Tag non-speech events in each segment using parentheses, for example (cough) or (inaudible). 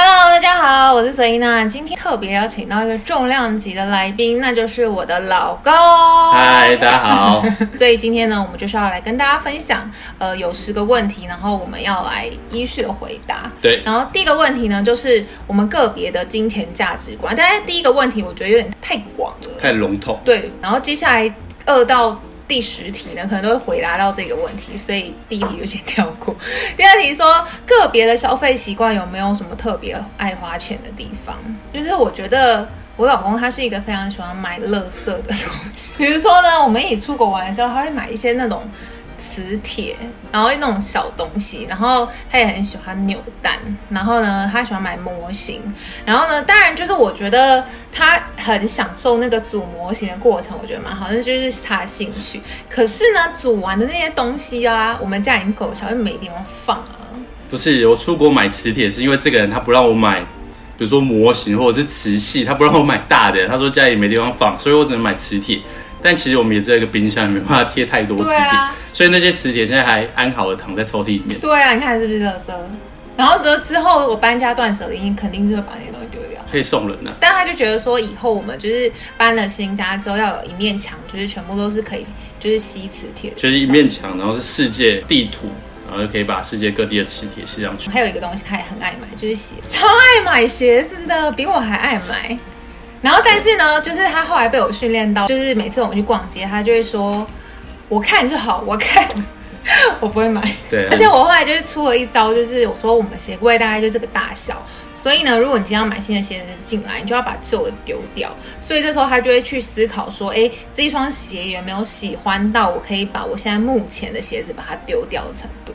Hello，大家好，我是孫一娜，今天特別邀請到一個重量級的來賓，那就是我的老公。嗨，大家好。 (laughs) 所以今天呢，我們就是要來跟大家分享，呃，有十個問題，然後我們要來依序的回答。對。然後第一個問題呢，就是我們個別的金錢價值觀。但第一個問題，我覺得有點太廣了，太籠統。對。然後接下來二到第十題呢，可能都會回答到這個問題，所以第一題就先跳過。第二題說，個別的消費習慣有沒有什麼特別愛花錢的地方？就是我覺得我老公他是一個非常喜歡買樂色的東西，比如說呢，我們一起出國玩的時候，他會買一些那種。磁鐵，然後那種小東西，然後他也很喜歡扭蛋，然後呢，他喜歡買模型，然後呢，當然就是我覺得他很享受那個組模型的過程，我覺得蠻好，那就是他的興趣。可是呢，組完的那些東西啊，我們家已經夠小，就沒地方放啊。不是，我出國買磁鐵是因為這個人他不讓我買，比如說模型或者是瓷器，他不讓我買大的，他說家裡沒地方放，所以我只能買磁鐵。但其實我們也在一個冰箱裡，沒辦法貼太多磁鐵。所以那些磁鐵現在還安好地躺在抽屜裡面。對啊，你看是不是樂色？然後這之後我搬家斷捨離，你肯定是會把那些東西丟掉。可以送人啊！但他就覺得說，以後我們就是搬了新家之後，要有一面牆，就是全部都是可以，就是吸磁鐵，就是一面牆，然後是世界地圖，然後就可以把世界各地的磁鐵吸上去。還有一個東西，他也很愛買，就是鞋，超愛買鞋子的，比我還愛買。然後但是呢，就是他後來被我訓練到，就是每次我們去逛街，他就會說。我看就好，我看，我不會買。對，而且我後來就是出了一招，就是我說我們鞋櫃大概就這個大小，所以呢，如果你今天要買新的鞋子進來，你就要把舊的丟掉。所以這時候他就會去思考說，哎、欸，這一雙鞋有沒有喜歡到我可以把我現在目前的鞋子把它丟掉的程度？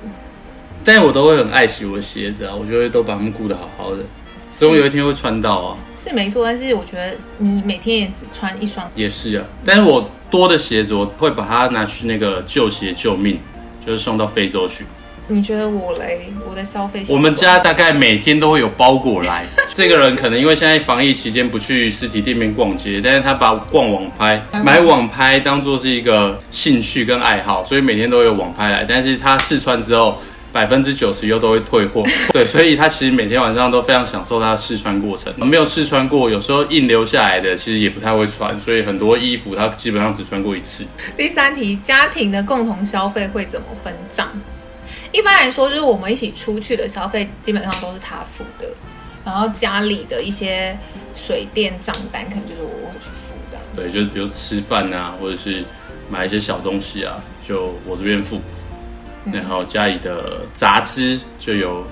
但我都會很愛惜我的鞋子啊，我就會都把它們顧得好好的。總有一天會穿到啊，是沒錯，但是我覺得你每天也只穿一雙鞋子，也是啊。但是我多的鞋子，我會把它拿去那個舊鞋救命，就是送到非洲去。你覺得我雷我的消費？我們家大概每天都會有包裹來。這個人可能因為現在防疫期間不去實體店面逛街，但是他把逛網拍、買網拍當做是一個興趣跟愛好，所以每天都有網拍來。但是他試穿之後。百分之九十又都會退貨， (laughs) 對，所以他其實每天晚上都非常享受他的試穿過程。沒有試穿過，有時候硬留下來的，其實也不太會穿，所以很多衣服他基本上只穿過一次。第三題，家庭的共同消費會怎麼分賬？一般來說，就是我們一起出去的消費基本上都是他付的，然後家裡的一些水電賬單可能就是我會去付的。對，就是比如吃飯啊，或者是買一些小東西啊，就我這邊付。然、嗯、後、嗯、家裡的雜支就由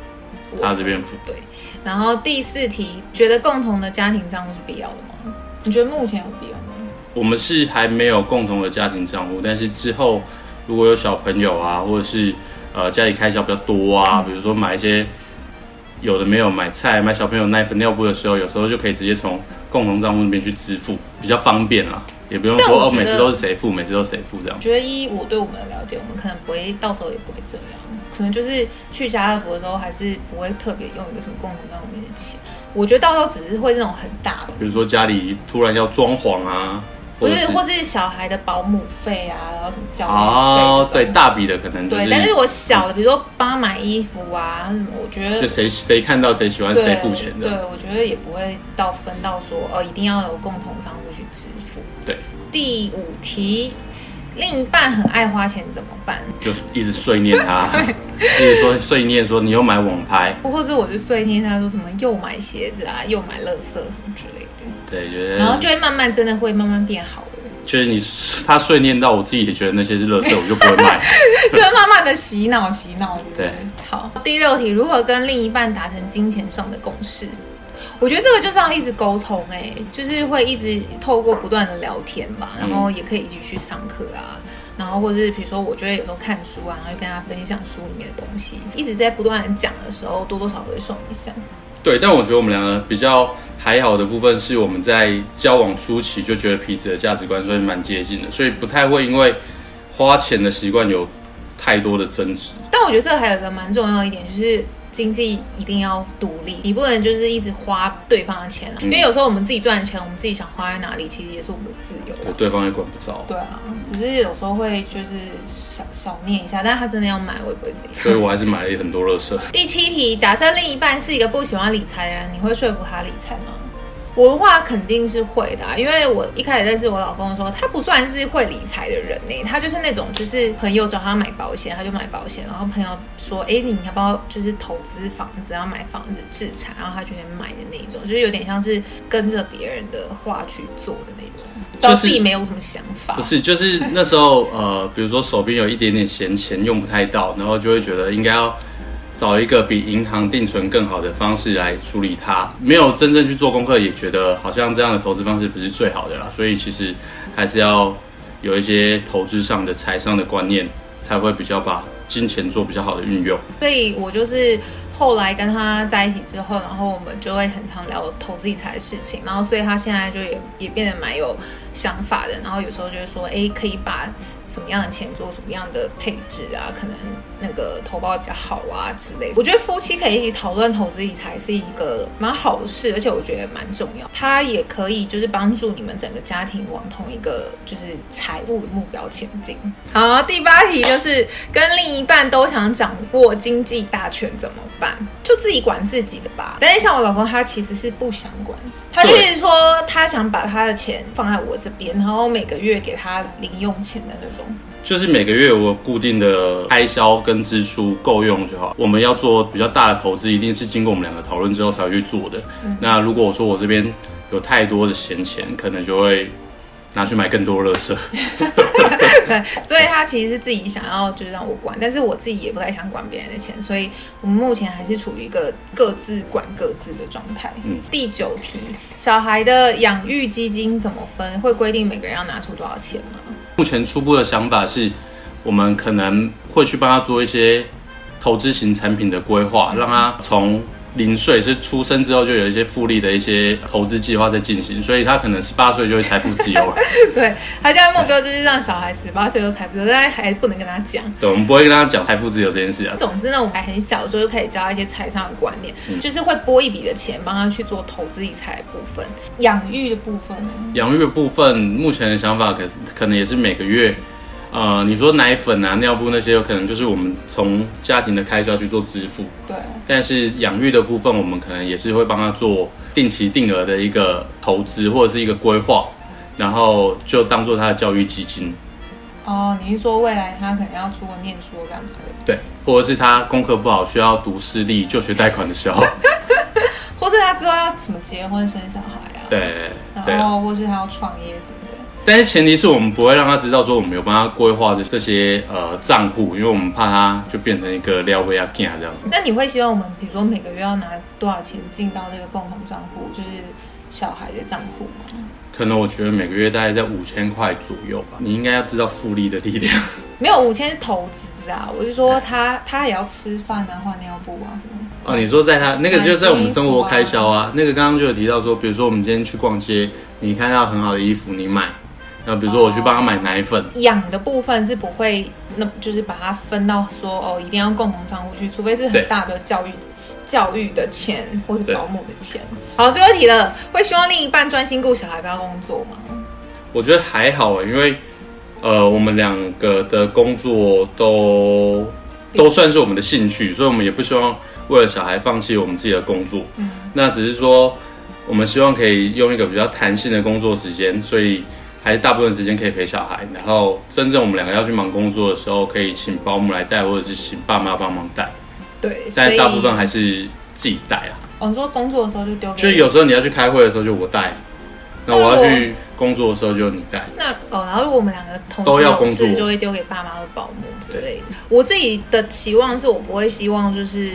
他這邊付。對。然後第四題，覺得共同的家庭賬戶是必要的嗎？你覺得目前有必要嗎？我們是還沒有共同的家庭賬戶，但是之後如果有小朋友啊，或者是呃家裡開銷比較多啊、嗯，比如說買一些有的沒有買菜、買小朋友奶粉、尿布的時候，有時候就可以直接從共同賬戶那邊去支付，比較方便啦。也不用說哦，每次都是誰付，每次都是誰付這樣。我覺得依我對我們的了解，我們可能不會到時候也不會這樣，可能就是去家樂福的時候還是不會特別用一個什麼共同賬戶的錢。我覺得到時候只是會是那種很大的，比如說家裡突然要裝潢啊或者，不是，或是小孩的保姆費啊，然後什麼教育、哦。費啊，對，大筆的可能、就是、對。但是我小的，比如說幫買衣服啊什麼，我覺得是誰誰看到誰喜歡誰付錢的。對，對，我覺得也不會到分到說哦，一定要有共同賬戶去支。第五題，另一半很愛花錢怎麼辦？就是一直碎念他， (laughs) 一直說碎念說你又買網拍，或者我就碎念他說什麼又買鞋子啊，又買垃圾什麼之類的。對、就是，然後就會慢慢真的會慢慢變好了。就是你他碎念到我自己也覺得那些是垃圾，我就不會買， (laughs) 就會慢慢的洗腦洗腦。對，好。第六題，如何跟另一半達成金錢上的共識？我覺得這個就是要一直溝通哎、欸，就是會一直透過不斷的聊天嘛，然後也可以一起去上課啊、嗯，然後或者是比如說，我覺得有時候看書啊，然後跟大家分享書裡面的東西，一直在不斷的講的時候，多多少少會受影響。對，但我覺得我們兩個比較還好的部分是，我們在交往初期就覺得彼此的價值觀算是蠻接近的，所以不太會因為花錢的習慣有太多的爭執。但我覺得這個還有一個蠻重要的一點就是。經濟一定要獨立，你不能就是一直花對方的錢啦，嗯。因為有時候我們自己賺的錢，我們自己想花在哪裡，其實也是我們的自由。我對方也管不着。對啊，只是有時候會就是小小念一下，但他真的要買，我也不會怎麼樣。所以我還是買了很多垃圾。 (laughs) 第七題，假設另一半是一個不喜歡理財的人，你會說服他理財嗎？我的話肯定是會的啊，因為我一開始認識我老公的時候，他不算是會理財的人呢、欸，他就是那種就是朋友找他買保險，他就買保險，然後朋友說，哎、欸，你要不要就是投資房子，然後買房子置產，然後他就會買的那種，就是有點像是跟着別人的話去做的那種，倒是自己沒有什麼想法、就是。不是，就是那時候呃，比如說手邊有一點點閒錢，錢用不太到，然後就會覺得應該要。找一個比銀行定存更好的方式來處理它，沒有真正去做功課，也覺得好像這樣的投資方式不是最好的啦。所以其實還是要有一些投資上的財商的觀念，才會比較把金錢做比較好的運用。所以我就是後來跟他在一起之後，然後我們就會很常聊投資理財的事情，然後所以他現在就也也變得蠻有想法的，然後有時候就是說，誒，可以把。什麼樣的錢做什麼樣的配置啊？可能那個投保比較好啊之類的。我覺得夫妻可以一起討論投資理財是一個蠻好的事，而且我覺得蠻重要。它也可以就是幫助你們整個家庭往同一個就是財務的目標前進。好，第八題就是跟另一半都想掌握經濟大權怎麼辦？就自己管自己的吧。但是像我老公他其實是不想管，他就是說，他想把他的錢放在我這邊，然後每個月給他零用錢的那種。就是每個月我固定的開銷跟支出夠用就好。我們要做比較大的投資，一定是經過我們兩個討論之後才會去做的。嗯、那如果我說我這邊有太多的閒錢，可能就會拿去買更多垃圾。 (laughs) 對， (laughs) 所以他其實是自己想要就是讓我管，但是我自己也不太想管別人的錢，所以我們目前還是處於一個各自管各自的狀態。嗯，第九題，小孩的養育基金怎麼分？會規定每個人要拿出多少錢嗎？目前初步的想法是，我們可能會去幫他做一些投資型產品的規劃，讓他從零歲是出生之後就有一些複利的一些投資計劃在進行，所以他可能十八歲就會財富自由了。 (laughs) 對，他現在目標就是讓小孩十八歲就財富自由，但還不能跟他講。對，我們不會跟他講財富自由這件事啊。總之呢，我們還很小的時候就可以教一些財商的觀念，就是會撥一筆的錢幫他去做投資理財部分、養育的部分。養育的部分目前的想法可，可可能也是每個月。呃，你說奶粉啊、尿布那些，有可能就是我們從家庭的開銷去做支付。對。但是養育的部分，我們可能也是會幫他做定期定額的一個投資或者是一個規劃，然後就當做他的教育基金。哦，你是說未來他可能要出國念書幹嘛的？對。或者是他功課不好需要讀私立就學貸款的時候， (laughs) 或是他知道要怎麼結婚生小孩啊？對。然後，或是他要創業什麼的。但是前提是我們不會讓他知道說我們有幫他規劃這這些呃賬戶因為我們怕他就變成一個撩妹阿囝這樣子。那你會希望我們，比如說每個月要拿多少錢進到這個共同賬戶就是小孩的賬戶嗎？可能我覺得每個月大概在五千塊左右吧。你應該要知道複利的力量。沒有五千是投資啊，我是說他 (laughs) 他，他也要吃飯啊，換尿布啊什麼。哦，你說在他那個就在我們生活開銷啊，啊，那個剛剛就有提到說，比如說我們今天去逛街，你看到很好的衣服，你買。那比如說，我去幫他買奶粉，養、哦嗯、的部分是不會，那就是把它分到說哦，一定要共同賬戶去，除非是很大的教育，教育的錢或是保姆的錢。好，最後一題了，會希望另一半專心顧小孩不要工作嗎？我覺得還好、欸、因為，呃，我們兩個的工作都都算是我們的興趣，所以我們也不希望為了小孩放棄我們自己的工作。嗯，那只是說，我們希望可以用一個比較彈性的工作時間，所以。還是大部分時間可以陪小孩，然後真正我們兩個要去忙工作的時候，可以請保姆來帶，或者是請爸媽幫忙帶。對，但大部分還是自己帶啊。我、哦、說工作的時候就丟給，就有時候你要去開會的時候就我帶，那我要去工作的時候就你帶。那哦，然後如果我們兩個同時有事，就會丟給爸媽和保姆之類的。對。我自己的期望是我不會希望就是。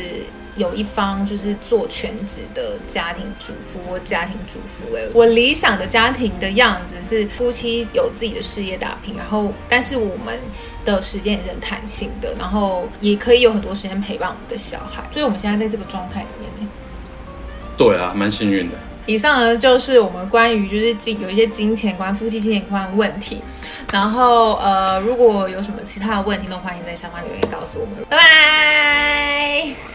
有一方就是做全職的家庭主婦，家庭主婦，誒，我理想的家庭的樣子是夫妻有自己的事業打拼，然後但是我們的時間是彈性的，然後也可以有很多時間陪伴我們的小孩，所以我們現在在這個狀態裡面。對啊，蠻幸運的。以上呢就是我們關於就是有一些金錢觀、夫妻金錢觀的問題，然後呃，如果有什麼其他的問題，都歡迎在下方留言告訴我們，拜拜。